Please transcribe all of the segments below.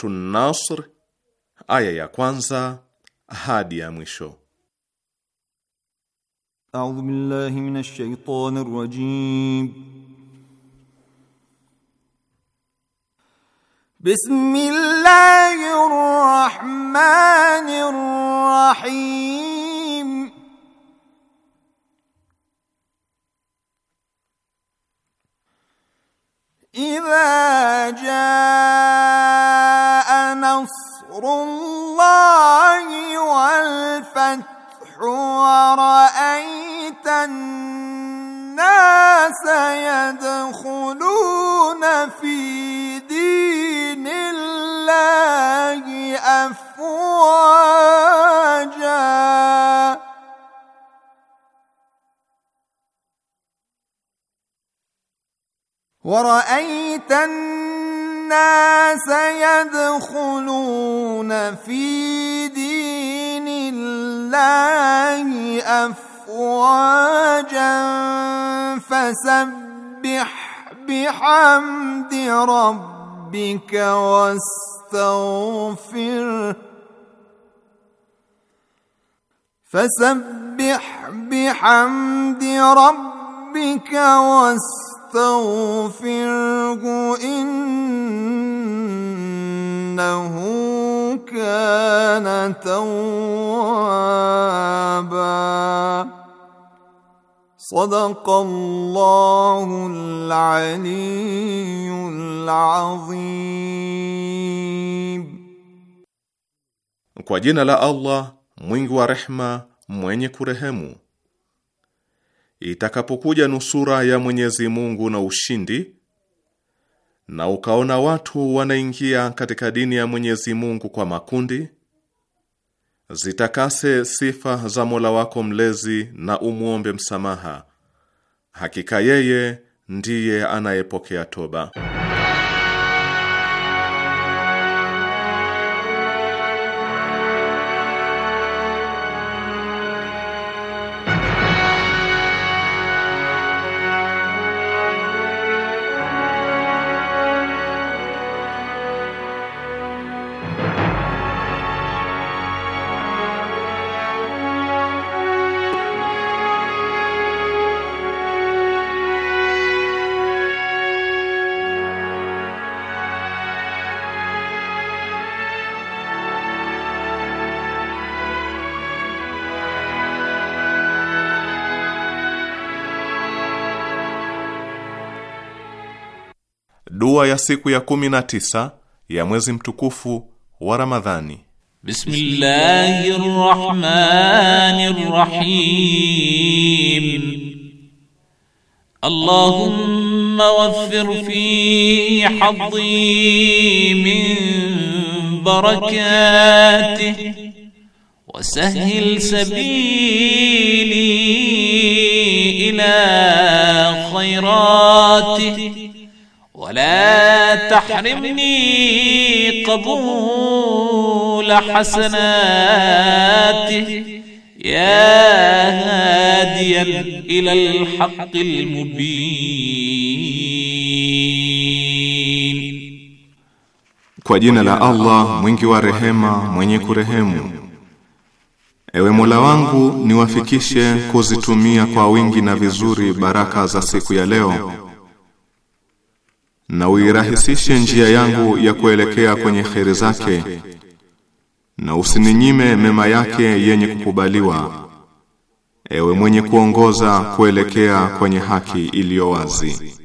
Suratu Nasr aya ya kwanza hadi ya mwisho. A'udhu billahi minash shaitanir rajim. Bismillahir rahmanir rahim. إذا جاء نصر الله والفتح ورأيت الناس يدخلون في دين الله أفواجا ورأيت الناس الناس يدخلون في دين الله أفواجا فسبح بحمد ربك واستغفره فسبح بحمد ربك واستغفره إن إنه كان توابا صدق الله العلي العظيم Kwa jina la Allah mwingi wa rehma mwenye kurehemu. Itakapokuja nusura ya Mwenyezi Mungu na ushindi na ukaona watu wanaingia katika dini ya Mwenyezi Mungu kwa makundi, zitakase sifa za Mola wako mlezi na umwombe msamaha. Hakika yeye ndiye anayepokea toba. siku ya kumi na tisa ya mwezi mtukufu wa Ramadhani. Bismillahir Rahmanir Rahim. Allahumma waffir fi hadhi min barakatihi وسهل sabili ila khairati wala تحرمني قبول حسناته يا هاديا الى الحق المبين Kwa jina la Allah mwingi wa rehema mwenye kurehemu Ewe Mola wangu niwafikishe kuzitumia kwa wingi na vizuri baraka za siku ya leo na uirahisishe njia yangu ya kuelekea kwenye kheri zake na usininyime mema yake yenye kukubaliwa ewe mwenye kuongoza kuelekea kwenye haki iliyo wazi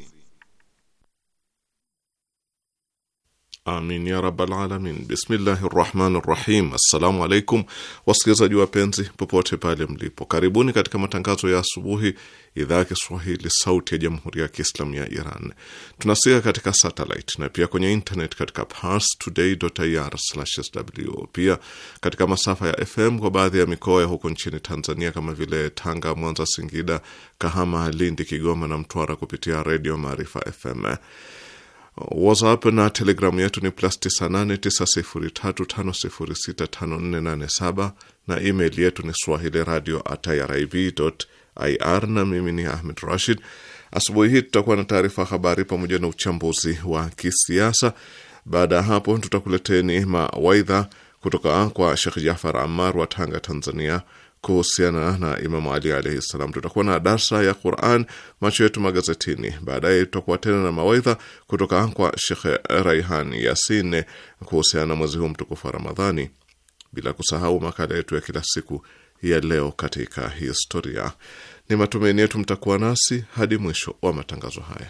Amin ya rabbal alamin. Bismillahi rahmani rahim. Assalamu alaikum wasikilizaji wapenzi, popote pale mlipo, karibuni katika matangazo ya asubuhi, idhaa ya Kiswahili sauti ya jamhuri ya Kiislamu ya Iran. Tunasika katika satelit na pia kwenye internet katika parstoday.ir/sw, pia katika masafa ya FM kwa baadhi ya mikoa ya huko nchini Tanzania kama vile Tanga, Mwanza, Singida, Kahama, Lindi, Kigoma na Mtwara kupitia redio Maarifa FM. WhatsApp na Telegram yetu ni plus 989035065487 na email yetu ni swahili radio irib ir. Na mimi ni Ahmed Rashid. Asubuhi hii tutakuwa na taarifa habari pamoja na uchambuzi wa kisiasa. Baada ya hapo, tutakuleteni mawaidha kutoka kwa Shekh Jafar amar wa Tanga, Tanzania, kuhusiana na Imamu Ali alaihi ssalam. Tutakuwa na darsa ya Quran, macho yetu magazetini. Baadaye tutakuwa tena na mawaidha kutoka kwa Shekhe Raihan Yasin kuhusiana na mwezi huu mtukufu wa Ramadhani, bila kusahau makala yetu ya kila siku ya leo katika historia. Ni matumaini yetu mtakuwa nasi hadi mwisho wa matangazo haya.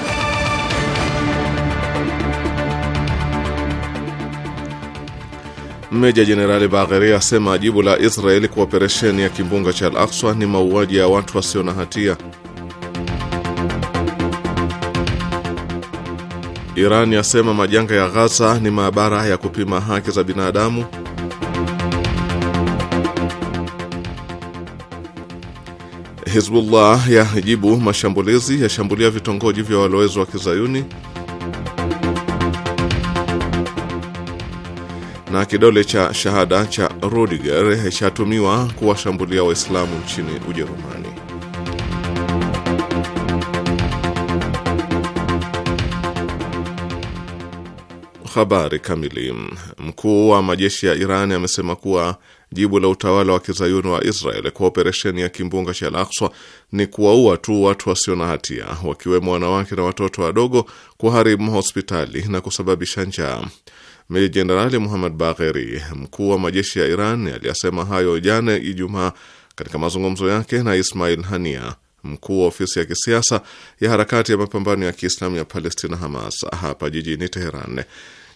Meja Jenerali Bagheri asema jibu la Israeli kwa operesheni ya kimbunga cha Al-Aqsa ni mauaji ya watu wasio na hatia. Iran yasema majanga ya Ghaza ni maabara ya kupima haki za binadamu. Hizbullah yajibu mashambulizi, yashambulia vitongoji vya walowezi wa Kizayuni. na kidole cha shahada cha Rudiger chatumiwa kuwashambulia Waislamu nchini Ujerumani. Habari kamili. Mkuu wa majeshi ya Iran amesema kuwa jibu la utawala wa kizayuni wa Israel kwa operesheni ya kimbunga cha Al-Aqsa ni kuwaua tu watu wasio na hatia, wakiwemo wanawake na watoto wadogo, kuharimu hospitali na kusababisha njaa. Meja Jenerali Muhammad Bagheri, mkuu wa majeshi ya Iran, aliyasema hayo jana Ijumaa katika mazungumzo yake na Ismail Hania, mkuu wa ofisi ya kisiasa ya harakati ya mapambano ya Kiislamu ya Palestina, Hamas, hapa jijini Teheran.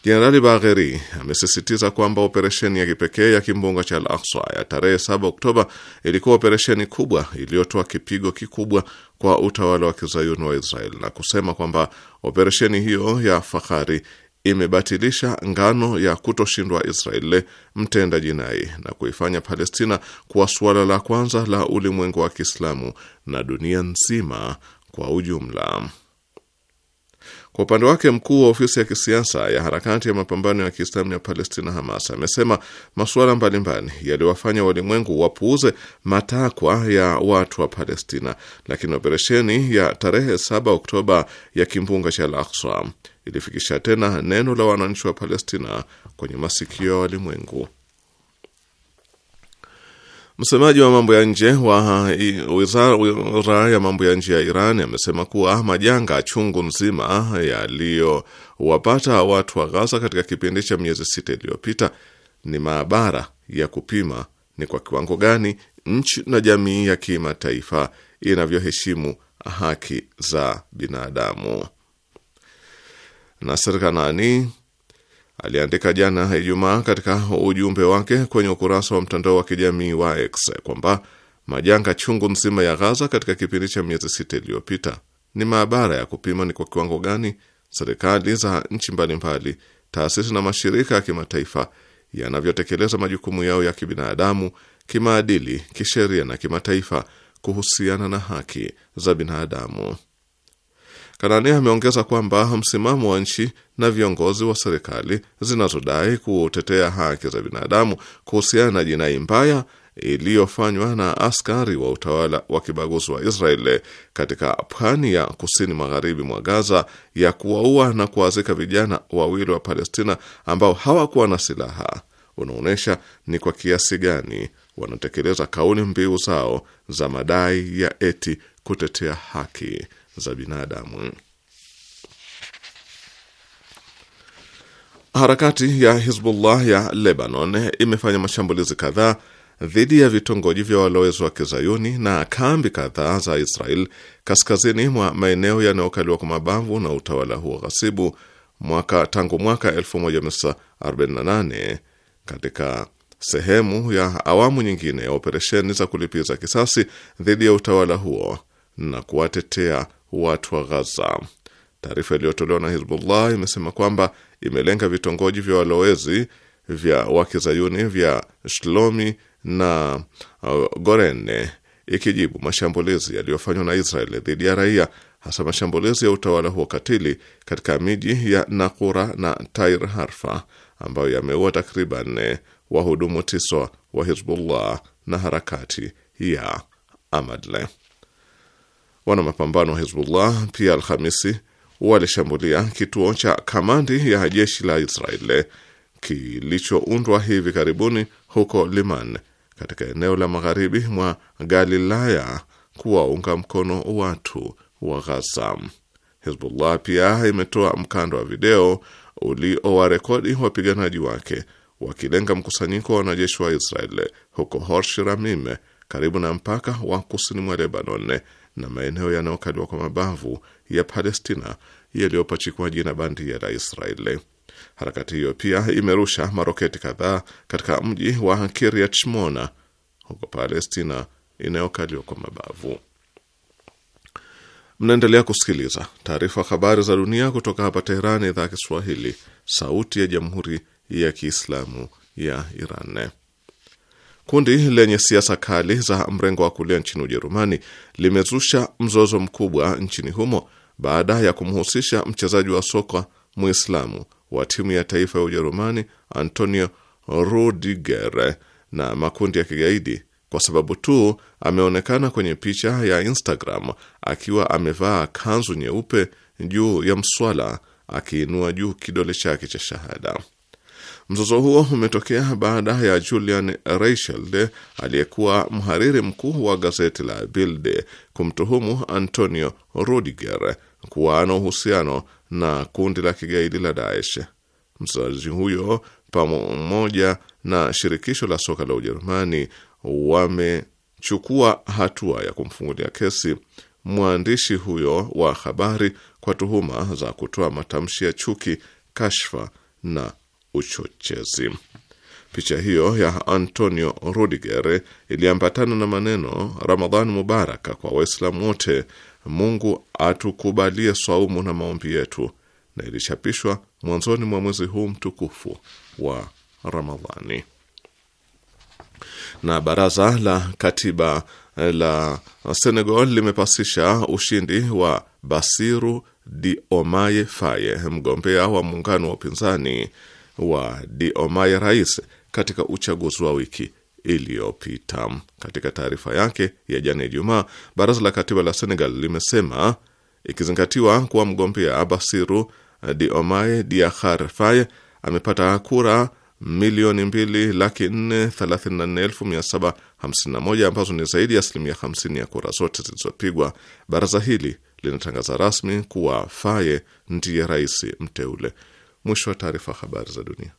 Jenerali Bagheri amesisitiza kwamba operesheni ya kipekee ya kimbunga cha Al Aqsa ya tarehe 7 Oktoba ilikuwa operesheni kubwa iliyotoa kipigo kikubwa kwa utawala wa kizayuni wa Israel na kusema kwamba operesheni hiyo ya fahari imebatilisha ngano ya kutoshindwa Israeli mtenda jinai na kuifanya Palestina kuwa suala la kwanza la ulimwengu wa Kiislamu na dunia nzima kwa ujumla. Kwa upande wake mkuu wa ofisi ya kisiasa ya harakati ya mapambano ya Kiislamu ya Palestina, Hamas, amesema masuala mbalimbali yaliwafanya walimwengu wapuuze matakwa ya watu wa Palestina, lakini operesheni ya tarehe 7 Oktoba ya kimbunga cha Al-Aqsa ilifikisha tena neno la wananchi wa Palestina kwenye masikio ya walimwengu. Msemaji wa mambo ya nje wa wizara ya mambo ya nje ya Iran amesema kuwa majanga chungu nzima yaliyowapata watu wa Gaza katika kipindi cha miezi sita iliyopita ni maabara ya kupima ni kwa kiwango gani nchi na jamii ya kimataifa inavyoheshimu haki za binadamu. Nasser Kanaani aliandika jana Ijumaa katika ujumbe wake kwenye ukurasa wa mtandao wa kijamii wa X kwamba majanga chungu nzima ya Ghaza katika kipindi cha miezi sita iliyopita ni maabara ya kupima ni kwa kiwango gani serikali za nchi mbalimbali, taasisi na mashirika ya kimataifa yanavyotekeleza majukumu yao ya kibinadamu, kimaadili, kisheria na kimataifa kuhusiana na haki za binadamu kanania ameongeza kwamba msimamo wa nchi na viongozi wa serikali zinazodai kutetea haki za binadamu kuhusiana na jinai mbaya iliyofanywa na askari wa utawala wa kibaguzi wa Israeli katika pwani ya kusini magharibi mwa Gaza ya kuwaua na kuwazika vijana wawili wa Palestina ambao hawakuwa na silaha unaonyesha ni kwa kiasi gani wanatekeleza kauli mbiu zao za madai ya eti kutetea haki za binadamu. Harakati ya Hizbullah ya Lebanon imefanya mashambulizi kadhaa dhidi ya vitongoji vya walowezi wa kizayuni na kambi kadhaa za Israel kaskazini mwa maeneo yanayokaliwa kwa mabavu na utawala huo ghasibu mwaka tangu mwaka 1948 katika sehemu ya awamu nyingine ya operesheni za kulipiza kisasi dhidi ya utawala huo na kuwatetea watu wa Ghaza. Taarifa iliyotolewa na Hizbullah imesema kwamba imelenga vitongoji vya walowezi vya wakizayuni vya Shlomi na uh, Gorene, ikijibu mashambulizi yaliyofanywa na Israel dhidi ya raia, hasa mashambulizi ya utawala huo katili katika miji ya Nakura na Tair Harfa ambayo yameua takriban wahudumu tisa wa Hizbullah na harakati ya Amadle. Wana mapambano wa Hizbullah pia Alhamisi walishambulia kituo cha kamandi ya jeshi la Israel kilichoundwa hivi karibuni huko Liman katika eneo la magharibi mwa Galilaya kuwaunga mkono watu wa Ghaza. Hizbullah pia imetoa mkanda wa video uliowarekodi wapiganaji wake wakilenga mkusanyiko wa wanajeshi wa Israel huko Horsh karibu na mpaka wa kusini mwa Lebanon na maeneo yanayokaliwa kwa mabavu ya Palestina yaliyopachikwa jina bandia la Israeli. Harakati hiyo pia imerusha maroketi kadhaa katika mji wa Kiryat Shmona huko Palestina inayokaliwa kwa mabavu. Mnaendelea kusikiliza taarifa habari za dunia kutoka hapa Teherani, idhaa ya Kiswahili, sauti ya jamhuri ya kiislamu ya Iran. Kundi lenye siasa kali za mrengo wa kulia nchini Ujerumani limezusha mzozo mkubwa nchini humo baada ya kumhusisha mchezaji wa soka Muislamu wa timu ya taifa ya Ujerumani Antonio Rudiger na makundi ya kigaidi kwa sababu tu ameonekana kwenye picha ya Instagram akiwa amevaa kanzu nyeupe juu ya mswala akiinua juu kidole chake cha shahada. Mzozo huo umetokea baada ya Julian Reichelt aliyekuwa mhariri mkuu wa gazeti la Bild kumtuhumu Antonio Rudiger kuwa na uhusiano na kundi la kigaidi la Daesh. Msemaji huyo pamoja na shirikisho la soka la Ujerumani wamechukua hatua ya kumfungulia kesi mwandishi huyo wa habari kwa tuhuma za kutoa matamshi ya chuki, kashfa na uchochezi. Picha hiyo ya Antonio Rudiger iliambatana na maneno Ramadhan mubaraka kwa Waislamu wote, Mungu atukubalie swaumu na maombi yetu, na ilichapishwa mwanzoni mwa mwezi huu mtukufu wa Ramadhani. Na baraza la katiba la Senegal limepasisha ushindi wa Basiru Diomaye Faye, mgombea wa muungano wa upinzani wa Diomaye Rais katika uchaguzi wa wiki iliyopita. Katika taarifa yake ya jana Ijumaa, baraza la katiba la Senegal limesema ikizingatiwa kuwa mgombea abasiru Diomaye Diakhar Faye amepata kura milioni mbili laki nne thelathini na nne elfu mia saba hamsini na moja ambazo ni zaidi ya asilimia hamsini ya kura zote zilizopigwa. Baraza hili linatangaza rasmi kuwa Faye ndiye rais mteule. Mwisho wa taarifa. Habari za dunia.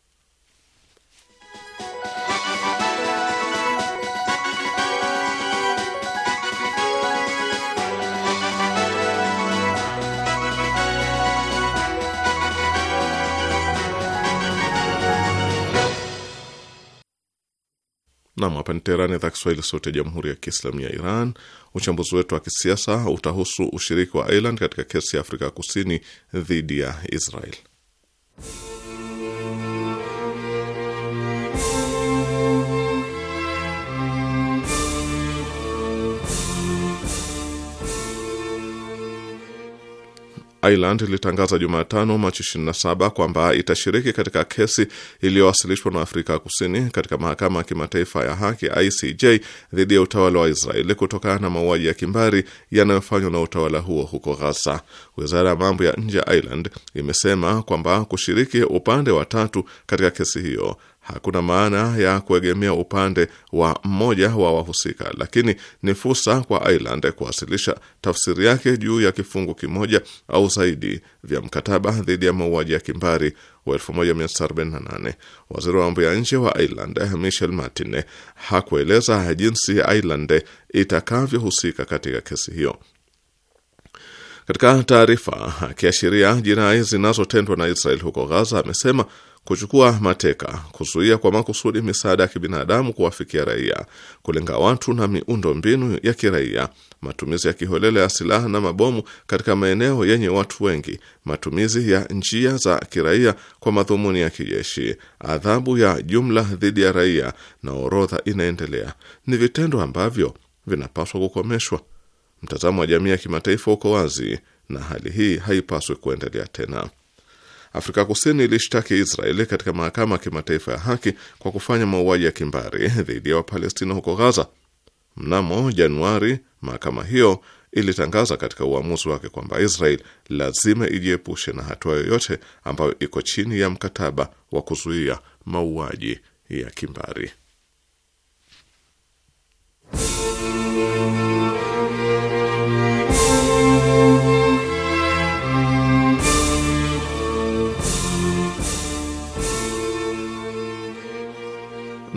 Nam, hapa ni Teherani, idhaa Kiswahili, sauti ya jamhuri ya kiislamu ya Iran. Uchambuzi wetu wa kisiasa utahusu ushiriki wa Ireland katika kesi ya Afrika Kusini dhidi ya Israel. Thank you. Ireland ilitangaza Jumatano Machi 27 kwamba itashiriki katika kesi iliyowasilishwa na Afrika Kusini katika mahakama ya kimataifa ya haki ICJ dhidi ya utawala wa Israeli kutokana na mauaji ya kimbari yanayofanywa na utawala huo huko Gaza. Wizara ya mambo ya nje ya Ireland imesema kwamba kushiriki upande wa tatu katika kesi hiyo Hakuna maana ya kuegemea upande wa mmoja wa wahusika, lakini ni fursa kwa Ireland kuwasilisha tafsiri yake juu ya kifungu kimoja au zaidi vya mkataba dhidi ya mauaji ya kimbari wa 1948. Waziri wa mambo ya nje wa Ireland Michel Martin hakueleza jinsi Ireland itakavyohusika katika kesi hiyo. Katika taarifa akiashiria jinai zinazotendwa na Israel huko Gaza, amesema kuchukua mateka, kuzuia kwa makusudi misaada ya kibinadamu kuwafikia raia, kulenga watu na miundo mbinu ya kiraia, matumizi ya kiholela ya silaha na mabomu katika maeneo yenye watu wengi, matumizi ya njia za kiraia kwa madhumuni ya kijeshi, adhabu ya jumla dhidi ya raia na orodha inaendelea. Ni vitendo ambavyo vinapaswa kukomeshwa. Mtazamo wa jamii ya kimataifa uko wazi na hali hii haipaswi kuendelea tena. Afrika Kusini ilishtaki Israeli katika mahakama ya kimataifa ya haki kwa kufanya mauaji ya kimbari dhidi ya Wapalestina huko Gaza. Mnamo Januari, mahakama hiyo ilitangaza katika uamuzi wake kwamba Israel lazima ijiepushe na hatua yoyote ambayo iko chini ya mkataba wa kuzuia mauaji ya kimbari.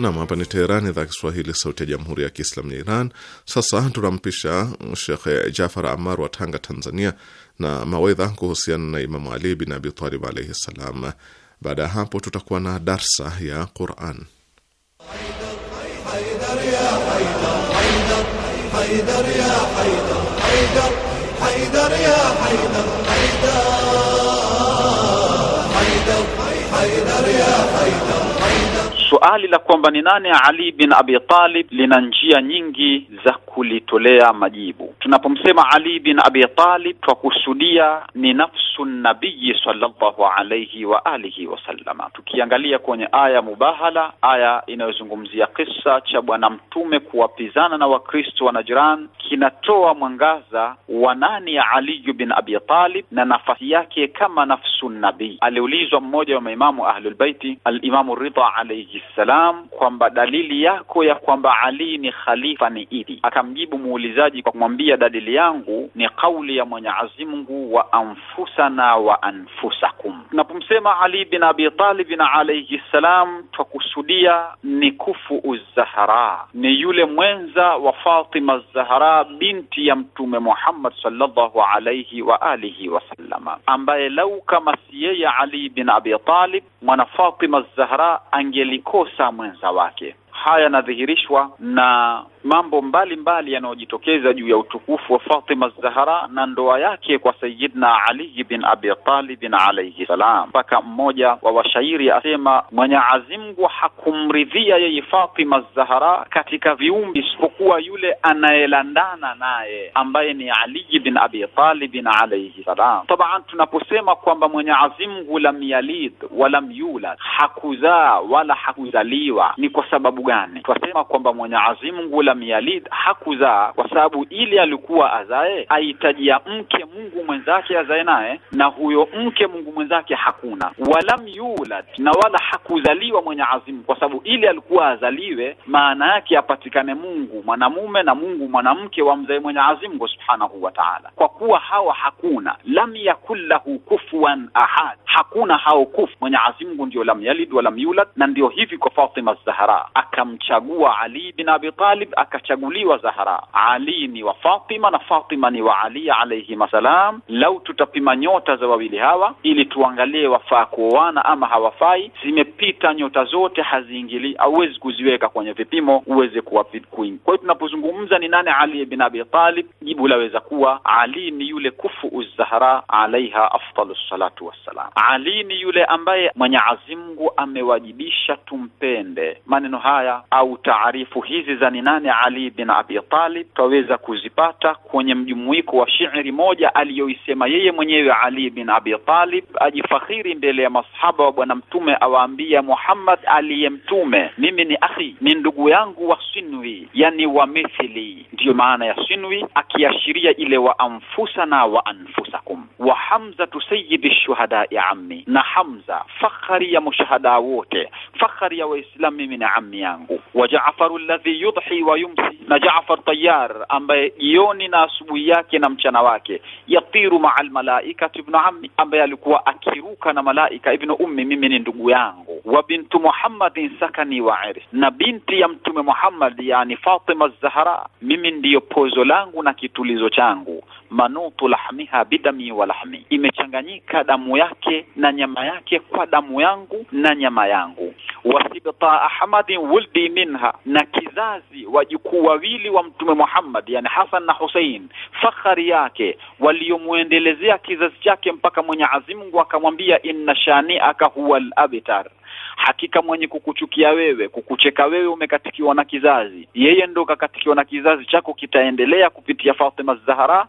Nam, hapa ni Teherani, idhaa Kiswahili, sauti ya jamhuri ya kiislamu ya Iran. Sasa tunampisha Shekhe Jafar Amar wa Tanga, Tanzania, na mawedha kuhusiana na Imamu Ali bin Abi Talib alaihi ssalam. Baada ya hapo, tutakuwa na darsa ya Quran. Haidar ya Haidar Suali la kwamba ni nani Ali bin Abi Talib lina njia nyingi za kulitolea majibu. Tunapomsema Ali bin Abi Talib twakusudia ni nafsu nabii sallallahu alayhi wa alihi wasallama. Tukiangalia kwenye aya mubahala, aya inayozungumzia kisa cha Bwana Mtume kuwapizana na Wakristo wa Najran, kinatoa mwangaza wa nani ya Ali bin Abi Talib na nafasi yake kama nafsu nabii. Aliulizwa mmoja wa maimamu Ahlulbaiti, Alimamu Ridha alayhi salam kwamba dalili yako ya kwamba Ali ni khalifa ni ipi? Akamjibu muulizaji kwa kumwambia dalili yangu ni kauli ya Mwenyezi Mungu, wa anfusana wa anfusakum. Tunapomsema Ali bin Abi Talib na alayhi salam, twakusudia ni kufu Zahra, ni yule mwenza wa Fatima Zahra binti ya Mtume Muhammad sallallahu alayhi wa alihi wasallama, ambaye lau kama si yeye Ali bin Abi Talib mwana Fatima Zahra angeli kosa mwenza wake. Haya yanadhihirishwa na mambo mbalimbali yanayojitokeza juu ya utukufu wa Fatima Zahara na ndoa yake kwa Sayyidina Ali bin Abi Talib alayhi salam, mpaka mmoja wa washairi asema, Mwenyezi Mungu hakumridhia yeye Fatima Zahara katika viumbi isipokuwa yule anayelandana naye ambaye ni Ali bin Abi Talib alayhi salam. Tabaan, tunaposema kwamba Mwenyezi Mungu lam yalid wa yulad, hakuzaa wala hakuzaliwa, ni kwa sababu gani? Tunasema kwamba Mwenyezi Mungu lam yalid, hakuzaa kwa sababu ili alikuwa azae ahitajia mke Mungu mwenzake azae naye, na huyo mke Mungu mwenzake hakuna. Walam yulad, na wala hakuzaliwa mwenye azimu, kwa sababu ili alikuwa azaliwe, maana yake apatikane Mungu mwanamume na Mungu mwanamke wamzae mwenye azimu subhanahu wa ta'ala. Kwa kuwa hawa hakuna, lam yakun lahu kufuwan ahad, hakuna hao kufu. Mwenye azimu ndio lam yalid walam yulad, na ndio hivi kwa Fatima Zahra akamchagua Ali bin Abi Talib akachaguliwa Zahra, Ali ni wa Fatima na Fatima ni wa Ali alayhim salam. Lau tutapima nyota za wawili hawa ili tuangalie wafaa kuoana ama hawafai, zimepita nyota zote, haziingili, hauwezi kuziweka kwenye vipimo uweze kuwa queen. Kwa hiyo tunapozungumza ni nani Ali ibn Abi Talib, jibu laweza kuwa Ali ni yule kufu zahra alaiha afdalu salatu wassalam. Ali ni yule ambaye mwenye Mungu amewajibisha tumpende. Maneno haya au taarifu hizi za ni nani ya Ali bin Abi Talib twaweza kuzipata kwenye mjumuiko wa shairi moja aliyoisema yeye mwenyewe Ali bin Abi Talib, ajifakhiri mbele ya masahaba wa Bwana Mtume, awaambia Muhammad aliye mtume, mimi ni akhi, ni ndugu yangu wa sinwi, yani wa mithili, ndiyo maana ya sinwi, akiashiria ile wa anfusana wa anfusakum. Wa hamzatu sayyidi shuhada ya ammi, na Hamza fakhari ya mushahada wote, fakhari ya Waislamu, mimi ni ammi yangu. Wa Jaafaru alladhi yudhi wa yumsi na Jaafar Tayyar ambaye jioni na asubuhi yake na mchana wake yatiru maa almalaikati ibn ammi ambaye alikuwa akiruka na malaika ibn ummi, mimi ni ndugu yangu, wa bintu Muhammadin sakani wa irth, na binti ya Mtume Muhammad yani Fatima Zahra, mimi ndiyo pozo langu na kitulizo changu manutu lahmiha bidami wa lahmi, imechanganyika damu yake na nyama yake kwa damu yangu na nyama yangu wasibta ahmadin wuldi minha, na kizazi wajukuu wawili wa Mtume Muhammad, yani Hasan na Hussein, fakhari yake waliomwendelezea kizazi chake mpaka mwenye Mungu akamwambia inna shani'aka huwal abtar Hakika mwenye kukuchukia wewe, kukucheka wewe, umekatikiwa na kizazi. Yeye ndo kakatikiwa na kizazi chako, kitaendelea kupitia Fatima Zahra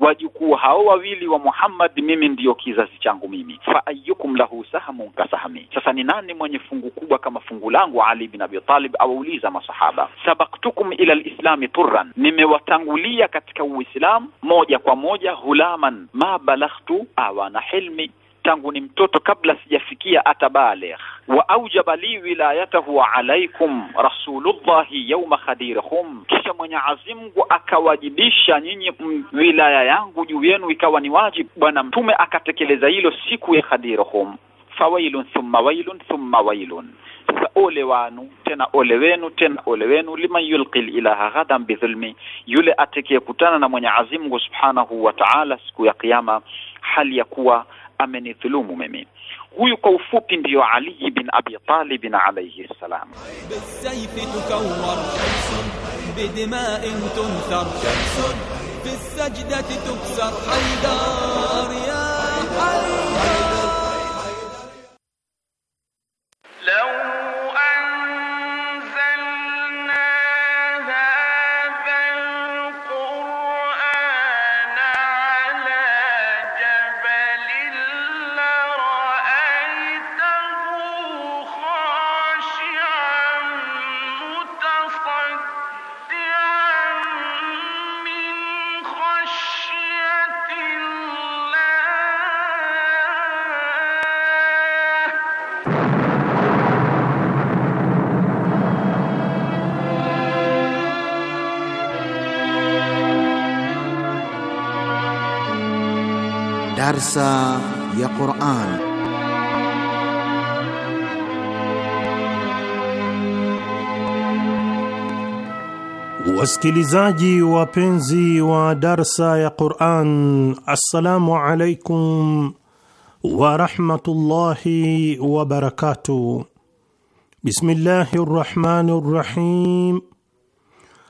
wajukuu hao wawili wa Muhammad, mimi ndiyo kizazi changu mimi, fa ayyukum lahu sahmun kasahmi. Sasa ni nani mwenye fungu kubwa kama fungu langu? Ali bin Abi Talib awauliza masahaba, sabaktukum ila lislami turran, nimewatangulia katika Uislamu moja kwa moja. Hulaman ma balaghtu awana hilmi tangu ni mtoto kabla sijafikia atabaligh. wa aujaba li wilayatahu alaikum rasulullahi yauma khadirhum, kisha Mwenyezi Mungu akawajibisha nyinyi wilaya yangu juu yenu ikawa ni wajibu. Bwana Mtume akatekeleza hilo siku ya Khadirhum. fawailun thumma wailun thumma wailun sasa ole wanu tena ole wenu tena ole wenu, liman yulqil ilaha ghadan bidhulmi, yule atakayekutana na Mwenyezi Mungu subhanahu wa ta'ala siku ya Kiyama, hali ya kuwa amenithulumu mimi. Huyu kwa ufupi ndiyo Ali bin Abi Talib alayhi salam. لو darsa ya Qur'an. Wasikilizaji wapenzi wa darsa ya Qur'an, assalamu alaikum wa rahmatullahi wa barakatuh. rahim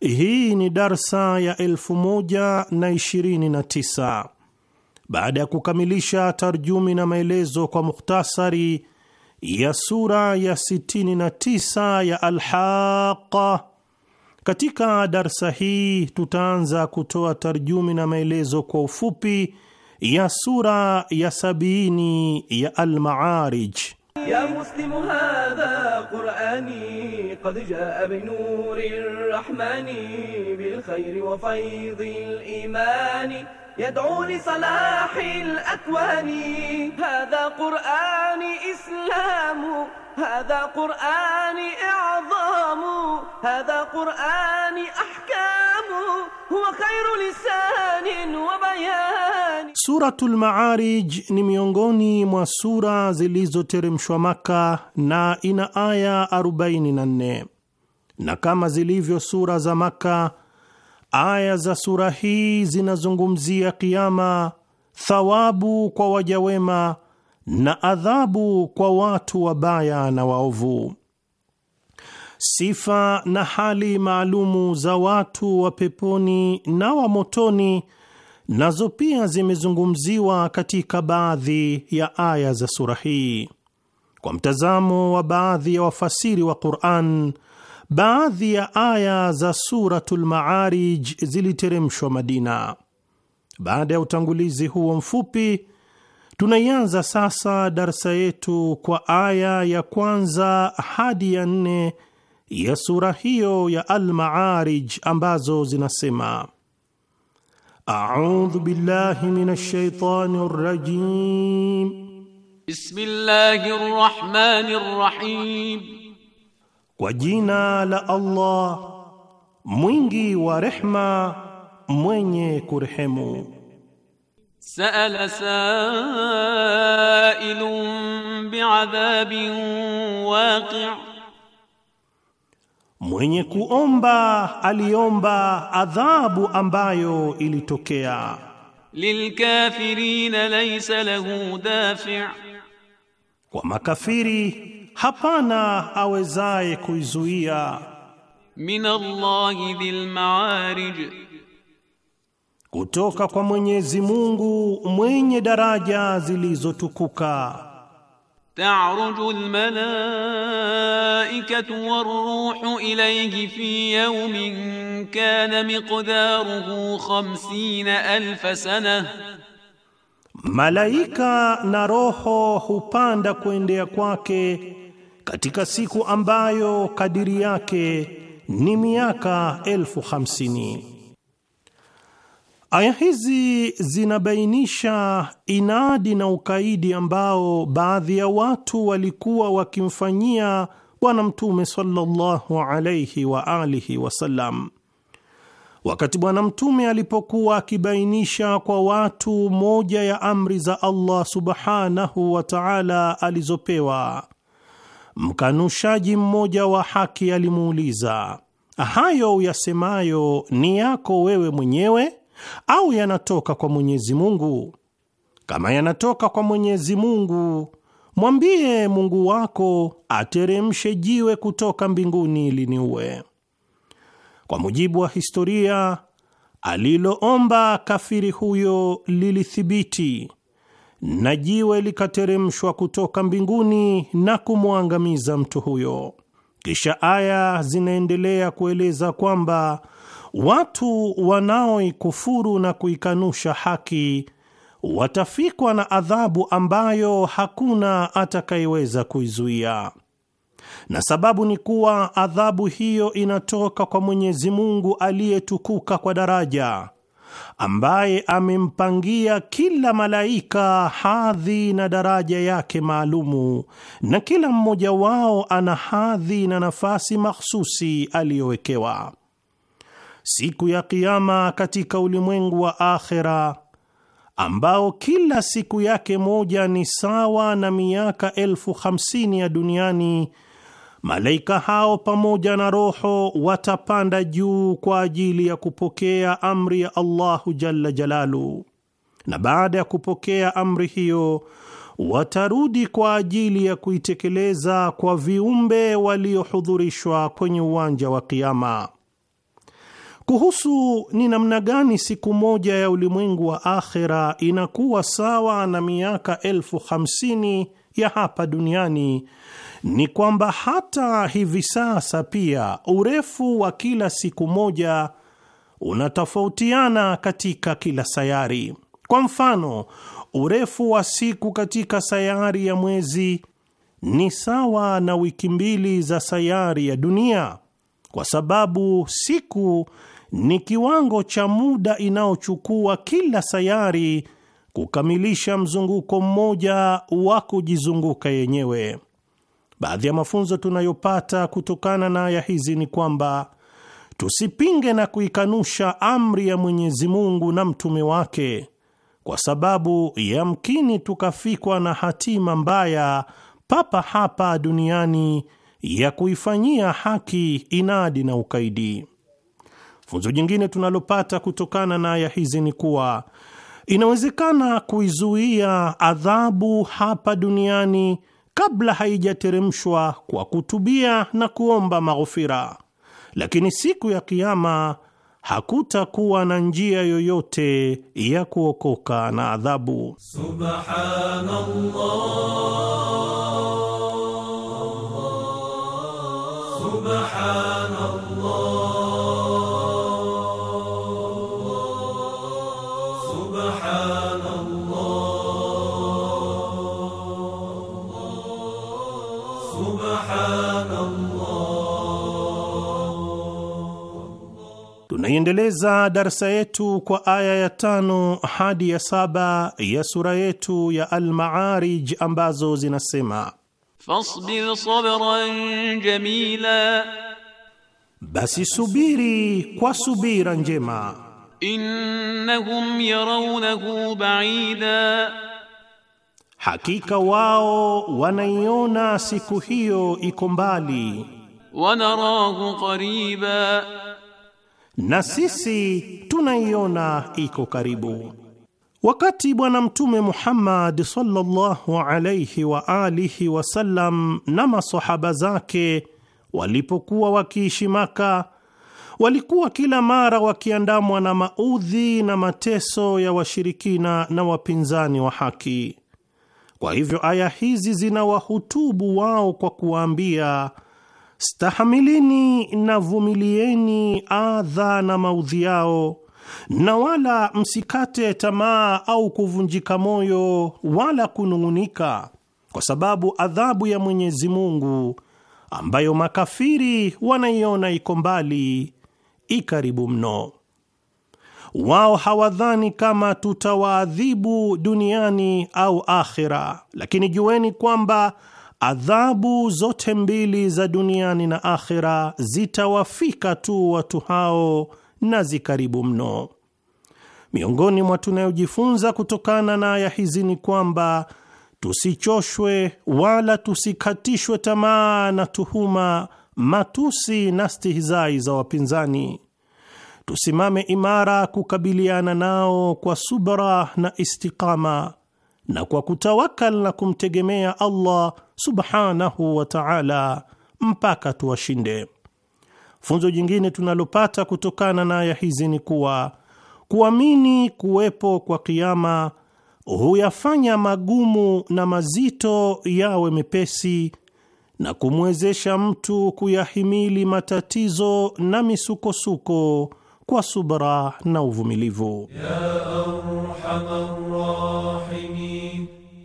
Hii ni darsa ya 1129 baada ya kukamilisha tarjumi na maelezo kwa mukhtasari ya sura ya 69 ya Alhaqa. Katika darsa hii tutaanza kutoa tarjumi na maelezo kwa ufupi ya sura ya sabini ya Almaarij. يا مسلم هذا قرآني قد جاء بنور الرحمن بالخير وفيض الإيمان يدعو لصلاح الأكوان هذا قرآن إسلام هذا قرآن إعظام هذا قرآن أحكام هو خير لسان وبيان Suratul Maarij ni miongoni mwa sura zilizoteremshwa Maka na ina aya 44 na kama zilivyo sura za Maka, aya za sura hii zinazungumzia kiama, thawabu kwa wajawema na adhabu kwa watu wabaya na waovu. Sifa na hali maalumu za watu wa peponi na wa motoni nazo pia zimezungumziwa katika baadhi ya aya za sura hii. Kwa mtazamo wa baadhi ya wafasiri wa Qur'an, baadhi ya aya za Suratul Ma'arij ziliteremshwa Madina. Baada ya utangulizi huo mfupi, tunaianza sasa darsa yetu kwa aya ya kwanza hadi ya nne ya sura hiyo ya Al-Ma'arij ambazo zinasema: أعوذ بالله من الشيطان الرجيم بسم الله الرحمن الرحيم وجينا لالله مينجي ورحمة مين كرحمو سأل سائل بعذاب واقع Mwenye kuomba aliomba adhabu ambayo ilitokea. Lilkafirin laysa lahu dafi', kwa makafiri hapana awezaye kuizuia. Min Allahi dhil ma'arij, kutoka kwa Mwenyezi Mungu mwenye daraja zilizotukuka ta'ruju almalaikatu warruhu ilayhi fi yawmin kana miqdaruhu 50 alf sana, malaika na roho hupanda kuendea kwake katika siku ambayo kadiri yake ni miaka elfu hamsini. Aya hizi zinabainisha inadi na ukaidi ambao baadhi ya watu walikuwa wakimfanyia Bwana Mtume sallallahu alaihi wa alihi wasallam. Wakati Bwana Mtume alipokuwa akibainisha kwa watu moja ya amri za Allah subhanahu wa taala alizopewa, mkanushaji mmoja wa haki alimuuliza, hayo uyasemayo ni yako wewe mwenyewe au yanatoka kwa Mwenyezi Mungu? Kama yanatoka kwa Mwenyezi Mungu, mwambie Mungu wako ateremshe jiwe kutoka mbinguni liniue. Kwa mujibu wa historia, aliloomba kafiri huyo lilithibiti na jiwe likateremshwa kutoka mbinguni na kumwangamiza mtu huyo. Kisha aya zinaendelea kueleza kwamba Watu wanaoikufuru na kuikanusha haki watafikwa na adhabu ambayo hakuna atakayeweza kuizuia, na sababu ni kuwa adhabu hiyo inatoka kwa Mwenyezi Mungu aliyetukuka kwa daraja, ambaye amempangia kila malaika hadhi na daraja yake maalumu, na kila mmoja wao ana hadhi na nafasi mahsusi aliyowekewa siku ya Kiama katika ulimwengu wa akhera ambao kila siku yake moja ni sawa na miaka elfu hamsini ya duniani, malaika hao pamoja na roho watapanda juu kwa ajili ya kupokea amri ya Allahu jalla jalalu, na baada ya kupokea amri hiyo watarudi kwa ajili ya kuitekeleza kwa viumbe waliohudhurishwa kwenye uwanja wa Kiama kuhusu ni namna gani siku moja ya ulimwengu wa akhera inakuwa sawa na miaka elfu hamsini ya hapa duniani ni kwamba hata hivi sasa pia urefu wa kila siku moja unatofautiana katika kila sayari. Kwa mfano, urefu wa siku katika sayari ya mwezi ni sawa na wiki mbili za sayari ya dunia, kwa sababu siku ni kiwango cha muda inayochukua kila sayari kukamilisha mzunguko mmoja wa kujizunguka yenyewe. Baadhi ya mafunzo tunayopata kutokana na aya hizi ni kwamba tusipinge na kuikanusha amri ya Mwenyezi Mungu na mtume wake, kwa sababu yamkini tukafikwa na hatima mbaya papa hapa duniani ya kuifanyia haki inadi na ukaidi. Funzo jingine tunalopata kutokana na aya hizi ni kuwa inawezekana kuizuia adhabu hapa duniani kabla haijateremshwa kwa kutubia na kuomba maghufira lakini siku ya Kiama hakutakuwa na njia yoyote ya kuokoka na adhabu. Subhanallah, Subhanallah. Tunaiendeleza darsa yetu kwa aya ya tano hadi ya saba ya sura yetu ya almaarij ambazo zinasema: Fasbir sabran jamila, basi subiri kwa subira njema. Innahum yarawnahu ba'ida, hakika wao wanaiona siku hiyo iko mbali. Wanarahu qariba na sisi tunaiona iko karibu. Wakati Bwana Mtume Muhammad sallallahu alayhi wa alihi wasallam na masahaba zake walipokuwa wakiishi Maka, walikuwa kila mara wakiandamwa na maudhi na mateso ya washirikina na wapinzani wa haki. Kwa hivyo aya hizi zinawahutubu wao kwa kuwaambia stahamilini na vumilieni adha na maudhi yao, na wala msikate tamaa au kuvunjika moyo wala kunung'unika, kwa sababu adhabu ya Mwenyezi Mungu ambayo makafiri wanaiona iko mbali ikaribu mno. Wao hawadhani kama tutawaadhibu duniani au akhira, lakini jueni kwamba adhabu zote mbili za duniani na akhira zitawafika tu watu hao na zikaribu mno. Miongoni mwa tunayojifunza kutokana na aya hizi ni kwamba tusichoshwe wala tusikatishwe tamaa na tuhuma, matusi na stihizai za wapinzani. Tusimame imara kukabiliana nao kwa subra na istikama na kwa kutawakal na kumtegemea Allah subhanahu wa ta'ala mpaka tuwashinde. Funzo jingine tunalopata kutokana na aya hizi ni kuwa kuamini kuwepo kwa kiama huyafanya magumu na mazito yawe mepesi na kumwezesha mtu kuyahimili matatizo na misukosuko kwa subra na uvumilivu ya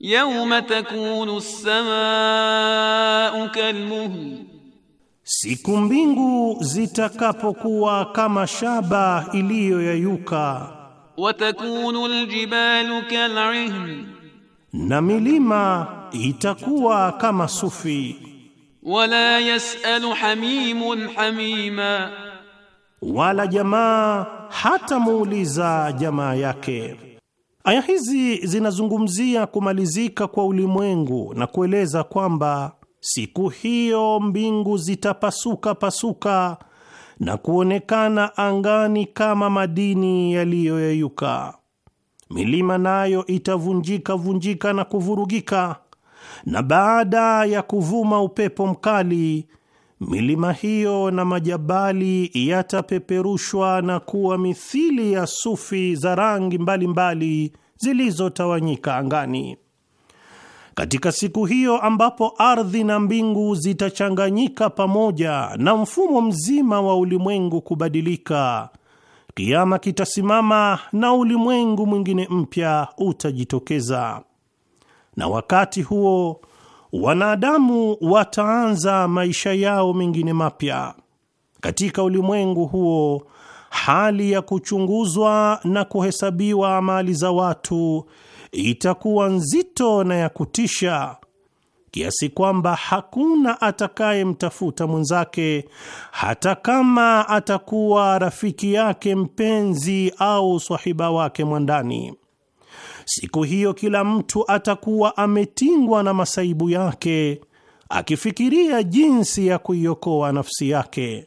Yawma takunu as-samau kalmuhl, siku mbingu zitakapokuwa kama shaba iliyoyayuka. Watakunu al-jibalu kal'ihl, na milima itakuwa kama sufi. Wala yasalu hamimun hamima, wala jamaa hatamuuliza jamaa yake. Aya hizi zinazungumzia kumalizika kwa ulimwengu na kueleza kwamba siku hiyo mbingu zitapasuka pasuka na kuonekana angani kama madini yaliyoyeyuka. Milima nayo itavunjika vunjika na kuvurugika, na baada ya kuvuma upepo mkali milima hiyo na majabali yatapeperushwa na kuwa mithili ya sufi za rangi mbalimbali zilizotawanyika angani. Katika siku hiyo ambapo ardhi na mbingu zitachanganyika pamoja na mfumo mzima wa ulimwengu kubadilika, kiama kitasimama na ulimwengu mwingine mpya utajitokeza, na wakati huo wanadamu wataanza maisha yao mengine mapya katika ulimwengu huo. Hali ya kuchunguzwa na kuhesabiwa amali za watu itakuwa nzito na ya kutisha kiasi kwamba hakuna atakayemtafuta mwenzake, hata kama atakuwa rafiki yake mpenzi au swahiba wake mwandani. Siku hiyo kila mtu atakuwa ametingwa na masaibu yake, akifikiria jinsi ya kuiokoa nafsi yake,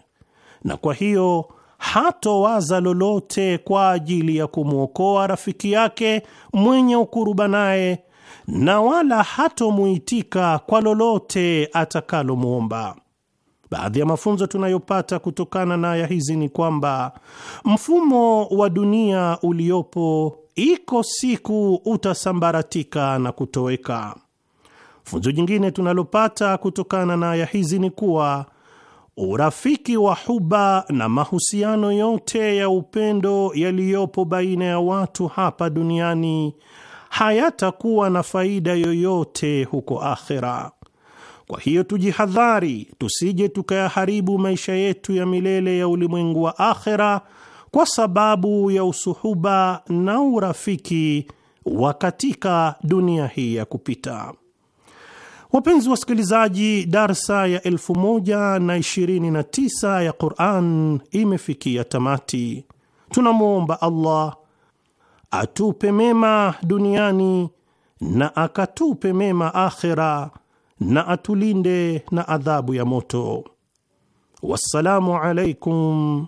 na kwa hiyo hatowaza lolote kwa ajili ya kumwokoa rafiki yake mwenye ukuruba naye, na wala hatomuitika kwa lolote atakalomwomba. Baadhi ya mafunzo tunayopata kutokana na aya hizi ni kwamba mfumo wa dunia uliopo iko siku utasambaratika na kutoweka. Funzo jingine tunalopata kutokana na aya hizi ni kuwa urafiki wa huba na mahusiano yote ya upendo yaliyopo baina ya watu hapa duniani hayatakuwa na faida yoyote huko akhera. Kwa hiyo tujihadhari, tusije tukayaharibu maisha yetu ya milele ya ulimwengu wa akhera kwa sababu ya usuhuba na urafiki wa katika dunia hii ya kupita. Wapenzi wasikilizaji, darsa ya 1029 ya Quran imefikia tamati. Tunamwomba Allah atupe mema duniani na akatupe mema akhera na atulinde na adhabu ya moto. Wassalamu alaikum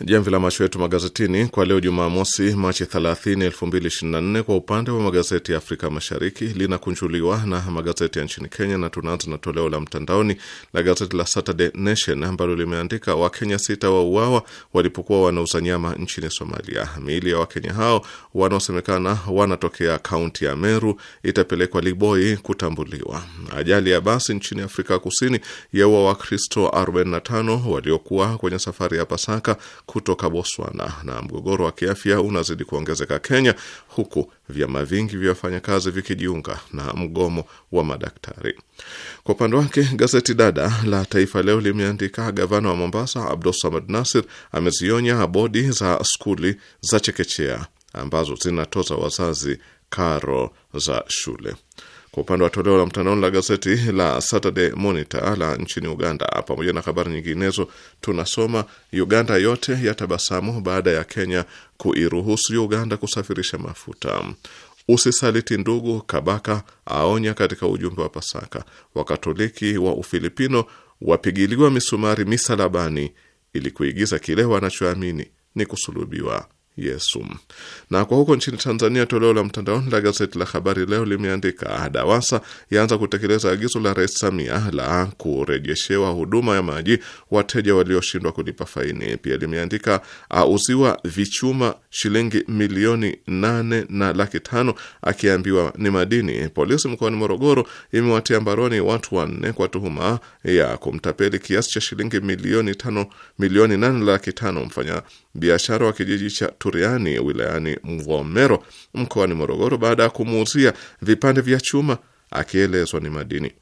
Jamvi la macho yetu magazetini kwa leo Jumamosi, Machi 30, 2024. Kwa upande wa magazeti ya Afrika Mashariki linakunjuliwa na magazeti ya nchini Kenya, na tunaanza na toleo la mtandaoni la gazeti la Saturday Nation ambalo limeandika Wakenya sita wauawa walipokuwa wanauza nyama nchini Somalia. Miili ya Wakenya hao wanaosemekana wanatokea kaunti ya Meru itapelekwa Liboi kutambuliwa. Ajali ya basi nchini Afrika Kusini yaua Wakristo 45 waliokuwa kwenye safari ya Pasaka kutoka Botswana, na mgogoro wa kiafya unazidi kuongezeka Kenya, huku vyama vingi vya wafanyakazi vikijiunga na mgomo wa madaktari. Kwa upande wake, gazeti dada la Taifa Leo limeandika gavana wa Mombasa Abdulsamad Nasir amezionya bodi za skuli za chekechea ambazo zinatoza wazazi karo za shule. Kwa upande wa toleo la mtandaoni la gazeti la Saturday Monitor la nchini Uganda, pamoja na habari nyinginezo, tunasoma Uganda yote yatabasamu baada ya Kenya kuiruhusu Uganda kusafirisha mafuta. Usisaliti ndugu, Kabaka aonya katika ujumbe wa Pasaka. Wakatoliki wa Ufilipino wapigiliwa misumari misalabani ili kuigiza kile wanachoamini ni kusulubiwa Yesu. Na kwa huko nchini Tanzania, toleo la mtandaoni la gazeti la Habari Leo limeandika DAWASA yaanza kutekeleza agizo la Rais Samia la kurejeshewa huduma ya maji wateja walioshindwa kulipa faini. Pia limeandika auziwa vichuma shilingi milioni nane na laki tano akiambiwa ni madini. Polisi mkoani Morogoro imewatia mbaroni watu wanne kwa tuhuma ya kumtapeli kiasi cha shilingi milioni tano, milioni nane laki tano mfanya biashara wa kijiji cha Turiani wilayani Mvomero mkoani Morogoro baada ya kumuuzia vipande vya chuma akielezwa ni madini.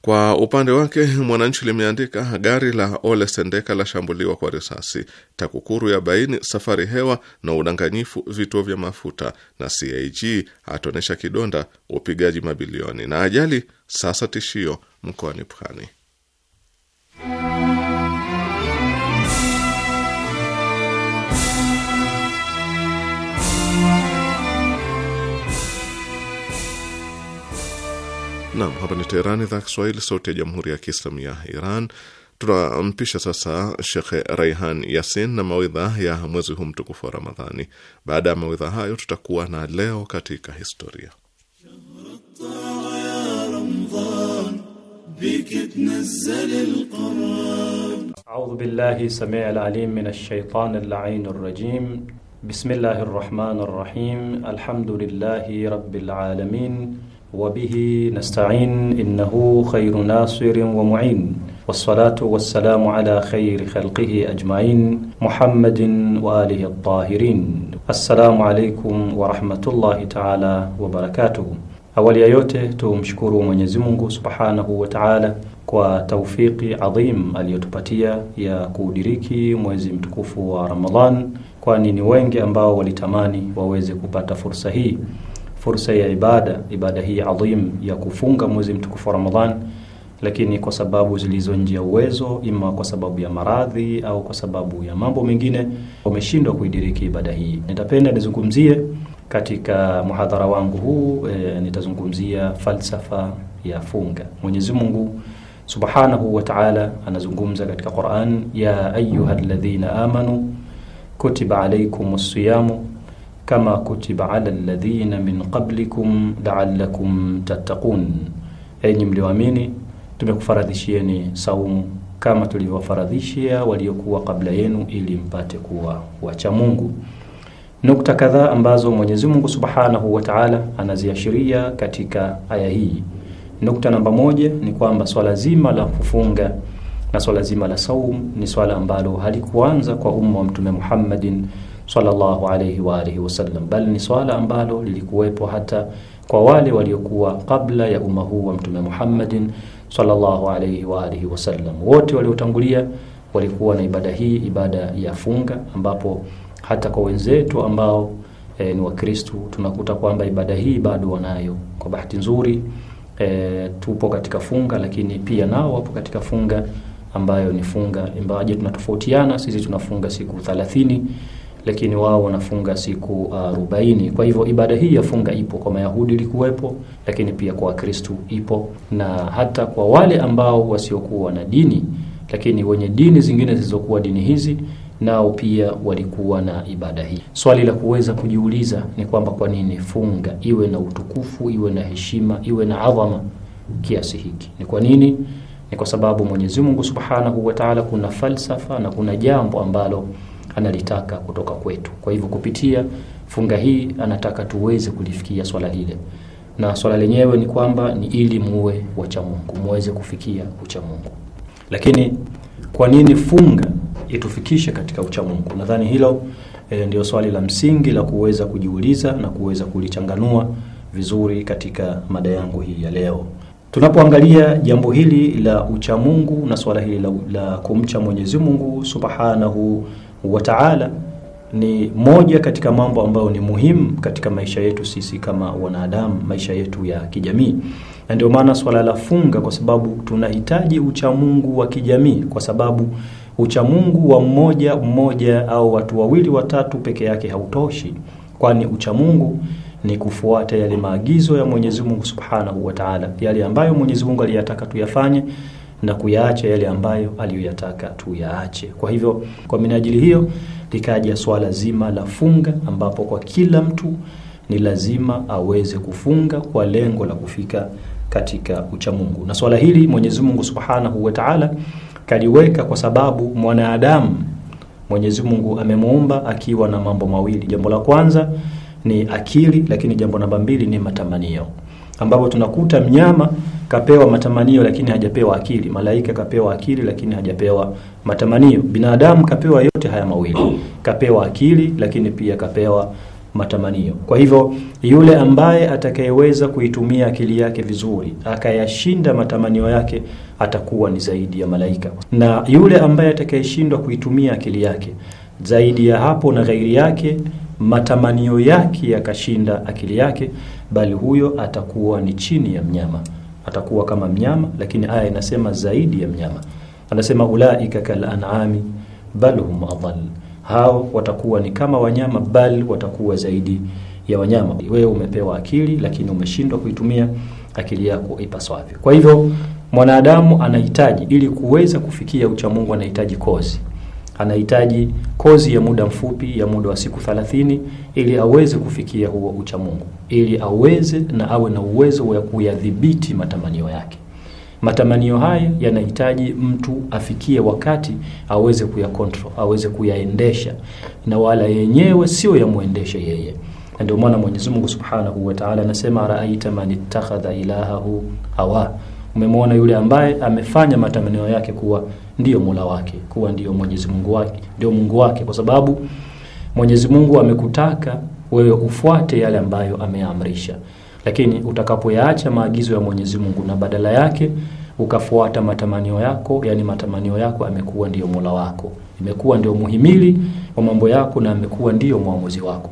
Kwa upande wake Mwananchi limeandika gari la Ole Sendeka la shambuliwa kwa risasi, TAKUKURU ya baini safari hewa na udanganyifu vituo vya mafuta, na CAG ataonyesha kidonda upigaji mabilioni, na ajali sasa tishio mkoani Pwani. Naam, hapa ni Teherani, idhaa Kiswahili, sauti ya jamhuri ya kiislamu ya Iran. Tunampisha sasa Shekhe Raihan Yasin na mawidha ya mwezi huu mtukufu wa Ramadhani. Baada ya mawidha hayo, tutakuwa na leo katika historia. Audhu billahi samii alalim min ashaitani lain rajim bismillahi rahmani rahim alhamdulillahi rabbil alamin وبه نستعين إنه خير ناصر ومعين والصلاة والسلام على خير خلقه أجمعين محمد وآله الطاهرين Assalamu alaikum warahmatullahi taala wabarakatuhu. Awali ya yote tumshukuru Mwenyezi Mungu subhanahu wa taala kwa taufiki adhim aliyotupatia ya kuudiriki mwezi mtukufu wa Ramadhan, kwani ni wengi ambao walitamani waweze kupata fursa hii fursa ya ibada ibada hii adhim ya kufunga mwezi mtukufu wa Ramadhan, lakini kwa sababu zilizo nje ya uwezo, ima kwa sababu ya maradhi au kwa sababu ya mambo mengine, wameshindwa kuidiriki ibada hii. Nitapenda nizungumzie katika muhadhara wangu huu e, nitazungumzia falsafa ya funga. Mwenyezi Mungu Subhanahu wa Ta'ala anazungumza katika Qur'an, ya ayyuhalladhina amanu kutiba alaykumus siyamu kama kutiba ala alladhina min qablikum la'allakum tattaqun, enyi mlioamini tumekufaradhishieni saumu kama tulivyowafaradhishia waliokuwa kabla yenu ili mpate kuwa wacha Mungu. Nukta kadhaa ambazo Mwenyezi Mungu Subhanahu wa Ta'ala anaziashiria katika aya hii. Nukta namba moja ni kwamba swala zima la kufunga na swala zima la saum ni swala ambalo halikuanza kwa umma wa Mtume Muhammadin sallallahu alayhi wa alihi wasallam, bali ni swala ambalo lilikuwepo hata kwa wale waliokuwa kabla ya umma huu wa Mtume Muhammadin sallallahu alayhi wa alihi wasallam. Wote waliotangulia walikuwa na ibada hii, ibada ya funga, ambapo hata kwa wenzetu ambao e, ni Wakristo tunakuta kwamba ibada hii bado wanayo. Kwa bahati nzuri e, tupo katika funga, lakini pia nao wapo katika funga ambayo ni funga, ingawaje tunatofautiana. Sisi tunafunga siku thalathini lakini wao wanafunga siku uh, arobaini. Uh, kwa hivyo ibada hii ya funga ipo kwa Mayahudi ilikuwepo, lakini pia kwa Wakristu ipo na hata kwa wale ambao wasiokuwa na dini, lakini wenye dini zingine zilizokuwa dini hizi nao pia walikuwa na ibada hii. Swali la kuweza kujiuliza ni kwamba kwa nini funga iwe na utukufu, iwe na heshima, iwe na adhama kiasi hiki? Ni kwa nini? Ni kwa sababu Mwenyezi Mungu Subhanahu wa Ta'ala, kuna falsafa na kuna jambo ambalo analitaka kutoka kwetu. Kwa hivyo kupitia funga hii anataka tuweze kulifikia swala lile, na swala lenyewe ni kwamba ni ili muwe wacha Mungu, muweze kufikia ucha Mungu. Lakini kwa nini funga itufikishe katika ucha Mungu? Nadhani hilo e, ndio swali la msingi la kuweza kujiuliza na kuweza kulichanganua vizuri katika mada yangu hii ya leo. Tunapoangalia jambo hili la ucha Mungu na swala hili la, la kumcha Mwenyezi Mungu Subhanahu wa ta'ala ni moja katika mambo ambayo ni muhimu katika maisha yetu sisi kama wanadamu, maisha yetu ya kijamii. Na ndio maana swala la funga, kwa sababu tunahitaji uchamungu wa kijamii, kwa sababu uchamungu wa mmoja mmoja au watu wawili watatu peke yake hautoshi, kwani uchamungu ni kufuata yale maagizo ya Mwenyezi Mungu Subhanahu wa Ta'ala, yale ambayo Mwenyezi Mungu aliyataka tuyafanye na kuyaacha yale ambayo aliyoyataka tuyaache. Kwa hivyo, kwa minajili hiyo likaja swala zima la funga, ambapo kwa kila mtu ni lazima aweze kufunga kwa lengo la kufika katika uchamungu. Na swala hili Mwenyezi Mungu Subhanahu wa Ta'ala kaliweka kwa sababu mwanadamu Mwenyezi Mungu amemuumba akiwa na mambo mawili. Jambo la kwanza ni akili, lakini jambo namba mbili ni matamanio, ambapo tunakuta mnyama kapewa matamanio lakini hajapewa akili, malaika kapewa akili lakini hajapewa matamanio, binadamu kapewa yote haya mawili, kapewa akili lakini pia kapewa matamanio. Kwa hivyo yule ambaye atakayeweza kuitumia akili yake vizuri akayashinda matamanio yake atakuwa ni zaidi ya malaika, na yule ambaye atakayeshindwa kuitumia akili yake zaidi ya hapo na ghairi yake matamanio yake yakashinda akili yake, bali huyo atakuwa ni chini ya mnyama atakuwa kama mnyama, lakini aya inasema zaidi ya mnyama. Anasema ulaika kal an'ami bal hum adall, hao watakuwa ni kama wanyama, bal watakuwa zaidi ya wanyama. Wewe umepewa akili, lakini umeshindwa kuitumia akili yako ipaswavyo. Kwa hivyo mwanadamu anahitaji, ili kuweza kufikia uchamungu, anahitaji kozi anahitaji kozi ya muda mfupi ya muda wa siku 30 ili aweze kufikia huo uchamungu, ili aweze na awe na uwezo wa kuyadhibiti matamanio yake. Matamanio haya yanahitaji mtu afikie wakati aweze kuyakontrol, aweze kuyaendesha, na wala yenyewe sio yamwendeshe yeye. ndio maana Mwenyezi Mungu Subhanahu wa Ta'ala anasema, raaita man ittakhadha ilahahu hawa umemwona yule ambaye amefanya matamanio yake kuwa ndiyo Mola wake, kuwa ndiyo Mwenyezi Mungu wake, ndio Mungu wake, kwa sababu Mwenyezi Mungu amekutaka wewe ufuate yale ambayo ameamrisha, lakini utakapoyaacha maagizo ya Mwenyezi Mungu na badala yake ukafuata matamanio yako, yani matamanio yako amekuwa ndiyo Mola wako, imekuwa ndio muhimili wa mambo yako na amekuwa ndiyo mwamuzi wako.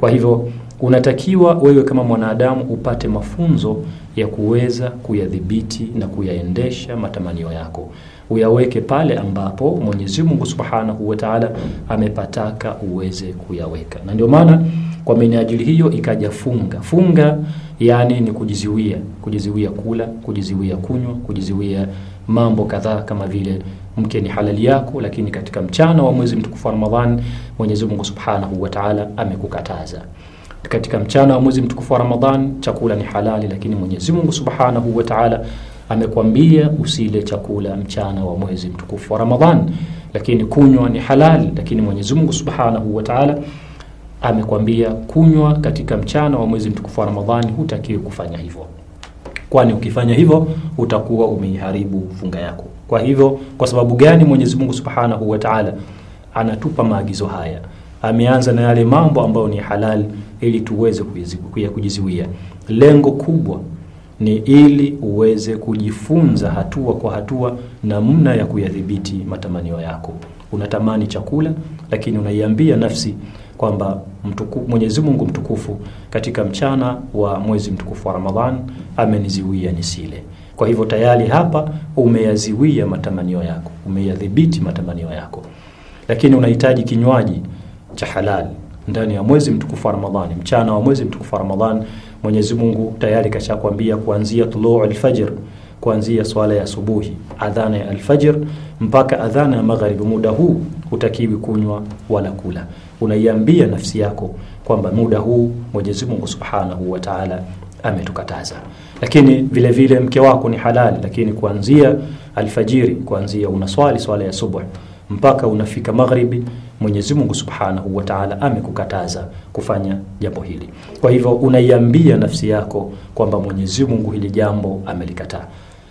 Kwa hivyo unatakiwa wewe kama mwanadamu upate mafunzo ya kuweza kuyadhibiti na kuyaendesha matamanio yako, uyaweke pale ambapo Mwenyezi Mungu Subhanahu wa Ta'ala amepataka uweze kuyaweka. Na ndio maana kwa minajili hiyo ikaja funga. Funga yani ni kujiziwia, kujiziwia kula, kujiziwia kunywa, kujiziwia mambo kadhaa kama vile mke ni halali yako, lakini katika mchana wa mwezi mtukufu wa Ramadhani Mwenyezi Mungu Subhanahu wa Ta'ala amekukataza katika mchana wa mwezi mtukufu wa Ramadhan chakula ni halali, lakini Mwenyezi Mungu Subhanahu wa Ta'ala amekwambia usile chakula mchana wa mwezi mtukufu wa Ramadhan, lakini kunywa ni halali, lakini Mwenyezi Mungu Subhanahu wa Ta'ala amekwambia kunywa katika mchana wa mwezi mtukufu wa Ramadhani hutakiwi kufanya hivyo, kwani ukifanya hivyo utakuwa umeiharibu funga yako. Kwa hivyo, kwa sababu gani Mwenyezi Mungu Subhanahu wa Ta'ala anatupa maagizo haya? Ameanza na yale mambo ambayo ni halali ili tuweze kujizuia. Lengo kubwa ni ili uweze kujifunza hatua kwa hatua namna ya kuyadhibiti matamanio yako. Unatamani chakula, lakini unaiambia nafsi kwamba Mwenyezi Mungu mtukufu katika mchana wa mwezi mtukufu wa Ramadhan ameniziwia nisile. Kwa hivyo tayari hapa umeyaziwia matamanio yako, umeyadhibiti matamanio yako, lakini unahitaji kinywaji cha halali ndani ya mwezi mtukufu wa Ramadhani, mchana wa mwezi mtukufu wa Ramadhani. Mwenyezi Mungu tayari kashakwambia kuanzia tuluu alfajr, kuanzia swala ya asubuhi, adhana ya alfajr mpaka adhana ya magharibi, muda huu hutakiwi kunywa wala kula. Unaiambia nafsi yako kwamba muda huu Mwenyezi Mungu Subhanahu wa Ta'ala ametukataza. Lakini vile vile mke wako ni halali, lakini kuanzia alfajiri, kuanzia unaswali swala ya subuh mpaka unafika magharibi Mwenyezi Mungu Subhanahu wa Ta'ala amekukataza kufanya jambo hili. Kwa hivyo unaiambia nafsi yako kwamba Mwenyezi Mungu hili jambo amelikataa.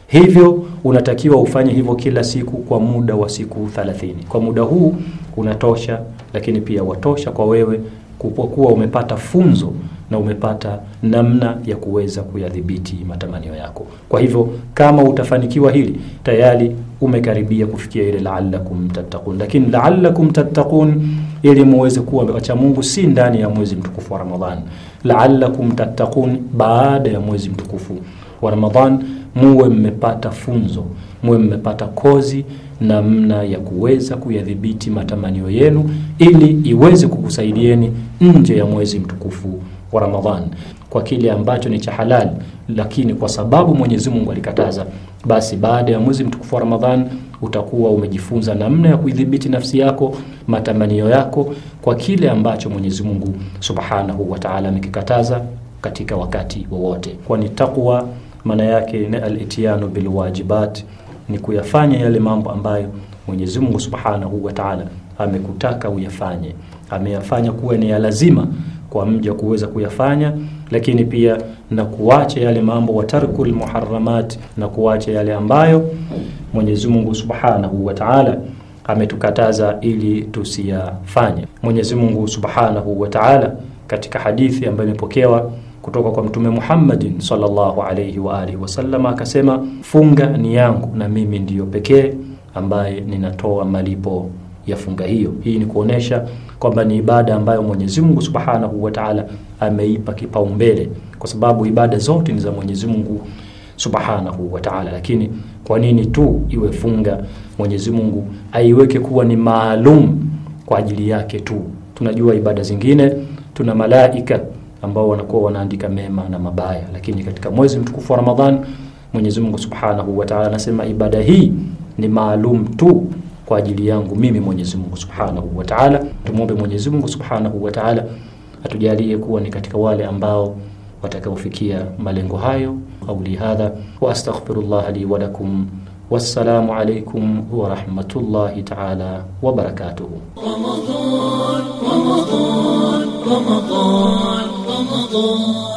Hivyo unatakiwa ufanye hivyo kila siku kwa muda wa siku 30. Kwa muda huu unatosha, lakini pia watosha kwa wewe kupokuwa umepata funzo na umepata namna ya kuweza kuyadhibiti matamanio yako. Kwa hivyo kama utafanikiwa hili, tayari umekaribia kufikia ile la'allakum tattaqun. Lakini la'allakum tattaqun, ili muweze kuwa wacha Mungu, si ndani ya mwezi mtukufu wa Ramadhan. La'allakum tattaqun, baada ya mwezi mtukufu wa Ramadhan muwe mmepata funzo, muwe mmepata kozi namna ya kuweza kuyadhibiti matamanio yenu, ili iweze kukusaidieni nje ya mwezi mtukufu wa Ramadhan kwa kile ambacho ni cha halal, lakini kwa sababu Mwenyezi Mungu alikataza, basi baada ya mwezi mtukufu wa Ramadhan utakuwa umejifunza namna ya kuidhibiti nafsi yako, matamanio yako kwa kile ambacho Mwenyezi Mungu Subhanahu wa Ta'ala amekikataza katika wakati wowote, kwani takwa maana yake ni al-itiyanu wajibat, ni kuyafanya yale mambo ambayo Mwenyezi Mungu Subhanahu wa Ta'ala amekutaka uyafanye, ameyafanya kuwa ni ya lazima kwa mja kuweza kuyafanya, lakini pia na kuacha yale mambo wa tarkul muharramat, na kuacha yale ambayo Mwenyezi Mungu Subhanahu wa Ta'ala ametukataza ili tusiyafanye. Mwenyezi Mungu Subhanahu wa Ta'ala katika hadithi ambayo imepokewa kutoka kwa Mtume Muhammadin sallallahu alayhi wa alihi wasallam akasema, funga ni yangu na mimi ndiyo pekee ambaye ninatoa malipo ya funga hiyo. Hii ni kuonesha kwamba ni ibada ambayo Mwenyezi Mungu Subhanahu wa Ta'ala ameipa kipaumbele, kwa sababu ibada zote ni za Mwenyezi Mungu Subhanahu wa Ta'ala. Lakini kwa nini tu iwe funga? Mwenyezi Mungu aiweke kuwa ni maalum kwa ajili yake tu. Tunajua ibada zingine, tuna malaika ambao wanakuwa wanaandika mema na mabaya, lakini katika mwezi mtukufu wa Ramadhan Mwenyezi Mungu Subhanahu wa Ta'ala anasema ibada hii ni maalum tu kwa ajili yangu mimi Mwenyezi Mungu Subhanahu wa Ta'ala. Tumwombe Mwenyezi Mungu Subhanahu wa Ta'ala atujalie kuwa ni katika wale ambao watakaofikia malengo hayo. Qauli hadha wa astaghfirullah li wa lakum, wassalamu alaykum wa rahmatullahi ta'ala wa barakatuh. Ramadan, Ramadan, Ramadan, Ramadan.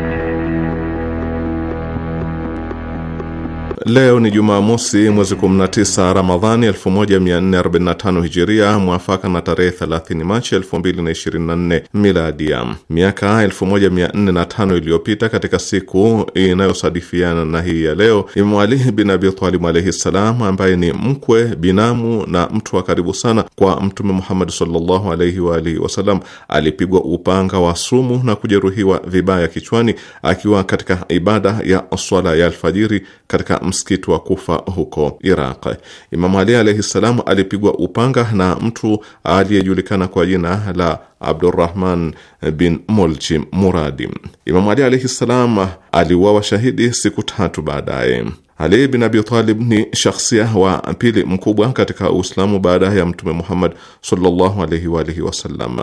Leo ni Jumamosi, mwezi 19 Ramadhani 1445 Hijiria, mwafaka na tarehe 30 Machi 2024 Miladia. Miaka 1405 iliyopita katika siku inayosadifiana na hii ya leo, Imamu Ali bin Abi Talib alaihi ssalam, ambaye ni mkwe, binamu na mtu wa karibu sana kwa Mtume Muhammad sallallahu alaihi wa alihi wasallam, alipigwa upanga wa sumu na kujeruhiwa vibaya kichwani akiwa katika ibada ya swala ya alfajiri katika msikiti wa Kufa huko Iraq. Imamu Ali alaihi ssalam alipigwa upanga na mtu aliyejulikana kwa jina la Abdurrahman bin Muljim Muradi. Imamu Ali alaihi ssalam aliuawa shahidi siku tatu baadaye. Ali bin Abi Talib ni shakhsia wa pili mkubwa katika Uislamu baada ya Mtume Muhammad sallallahu alaihi wa alihi wasallam,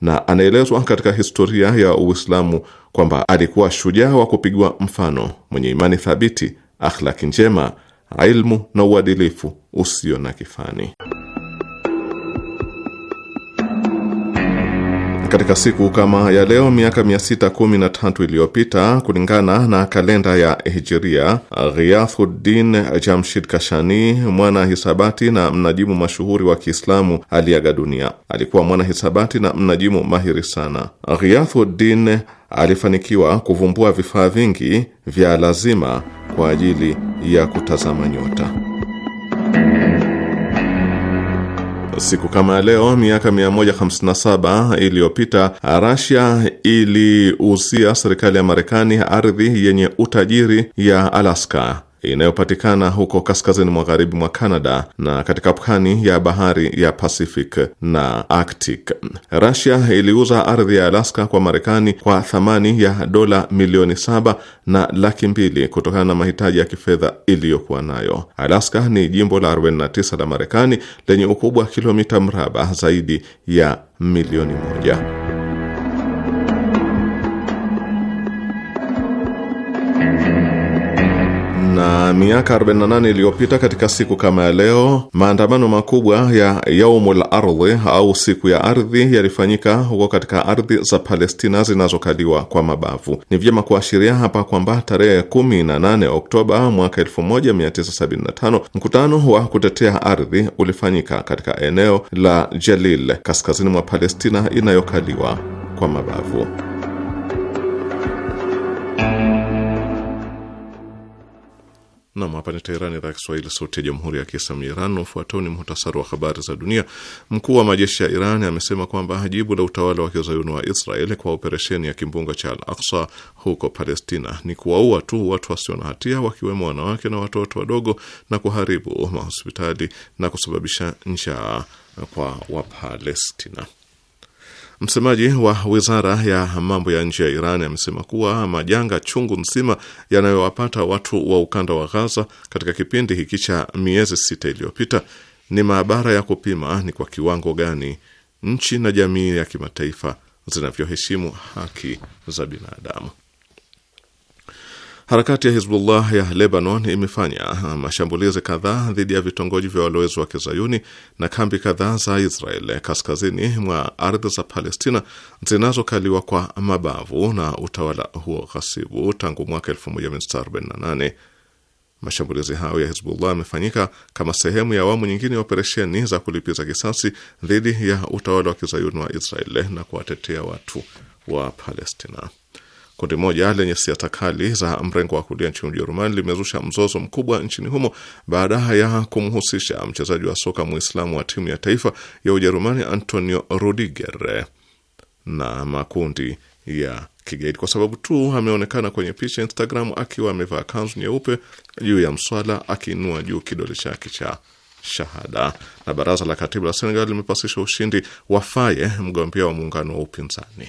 na anaelezwa katika historia ya Uislamu kwamba alikuwa shujaa wa kupigwa mfano, mwenye imani thabiti, akhlaki njema, ilmu na uadilifu usio na kifani. Katika siku kama ya leo miaka 613 iliyopita kulingana na kalenda ya Hijiria, Ghiathuddin Jamshid Kashani, mwana hisabati na mnajimu mashuhuri wa Kiislamu, aliaga dunia. Alikuwa mwana hisabati na mnajimu mahiri sana. Ghiathuddin alifanikiwa kuvumbua vifaa vingi vya lazima kwa ajili ya kutazama nyota. Siku kama leo miaka 157 iliyopita Russia iliuzia serikali ya Marekani ardhi yenye utajiri ya Alaska inayopatikana huko kaskazini magharibi mwa Canada na katika pwani ya bahari ya Pacific na Arctic. Russia iliuza ardhi ya Alaska kwa Marekani kwa thamani ya dola milioni saba na laki mbili kutokana na mahitaji ya kifedha iliyokuwa nayo. Alaska ni jimbo la 49 la Marekani lenye ukubwa wa kilomita mraba zaidi ya milioni moja. miaka 48 iliyopita katika siku kama ya leo, maandamano makubwa ya yaumul ardhi au siku ya ardhi yalifanyika huko katika ardhi za Palestina zinazokaliwa kwa mabavu. Ni vyema kuashiria hapa kwamba tarehe 18 Oktoba mwaka 1975 mkutano wa kutetea ardhi ulifanyika katika eneo la Jalil kaskazini mwa Palestina inayokaliwa kwa mabavu. Nam, hapa ni Teherani, idhaa ya Kiswahili, sauti ya jamhuri ya kiislamu Iran. ufuatao ni muhtasari wa habari za dunia. Mkuu wa majeshi ya Iran amesema kwamba jibu la utawala wa kizayuni wa Israel kwa operesheni ya kimbunga cha Al Aksa huko Palestina ni kuwaua tu watu wasio na hatia, wakiwemo wanawake na watoto wadogo, na kuharibu mahospitali na kusababisha njaa kwa Wapalestina. Msemaji wa wizara ya mambo ya nje ya Iran amesema kuwa majanga chungu nzima yanayowapata watu wa ukanda wa Ghaza katika kipindi hiki cha miezi sita iliyopita ni maabara ya kupima ni kwa kiwango gani nchi na jamii ya kimataifa zinavyoheshimu haki za binadamu. Harakati ya Hizbullah ya Lebanon imefanya mashambulizi kadhaa dhidi ya vitongoji vya walowezi wa kizayuni na kambi kadhaa za Israel kaskazini mwa ardhi za Palestina zinazokaliwa kwa mabavu na utawala huo ghasibu tangu mwaka 1948. Mashambulizi hayo ya Hizbullah yamefanyika kama sehemu ya awamu nyingine ya operesheni za kulipiza kisasi dhidi ya utawala wa kizayuni wa Israel na kuwatetea watu wa Palestina. Kundi moja lenye siasa kali za mrengo wa kulia nchini Ujerumani limezusha mzozo mkubwa nchini humo baada ya kumhusisha mchezaji wa soka Muislamu wa timu ya taifa ya Ujerumani Antonio Rudiger na makundi ya kigaidi kwa sababu tu ameonekana kwenye picha Instagram akiwa amevaa kanzu nyeupe juu ya mswala akiinua juu kidole chake cha shahada. Na baraza la katiba la Senegal limepasisha ushindi wa Faye, mgombea wa muungano wa upinzani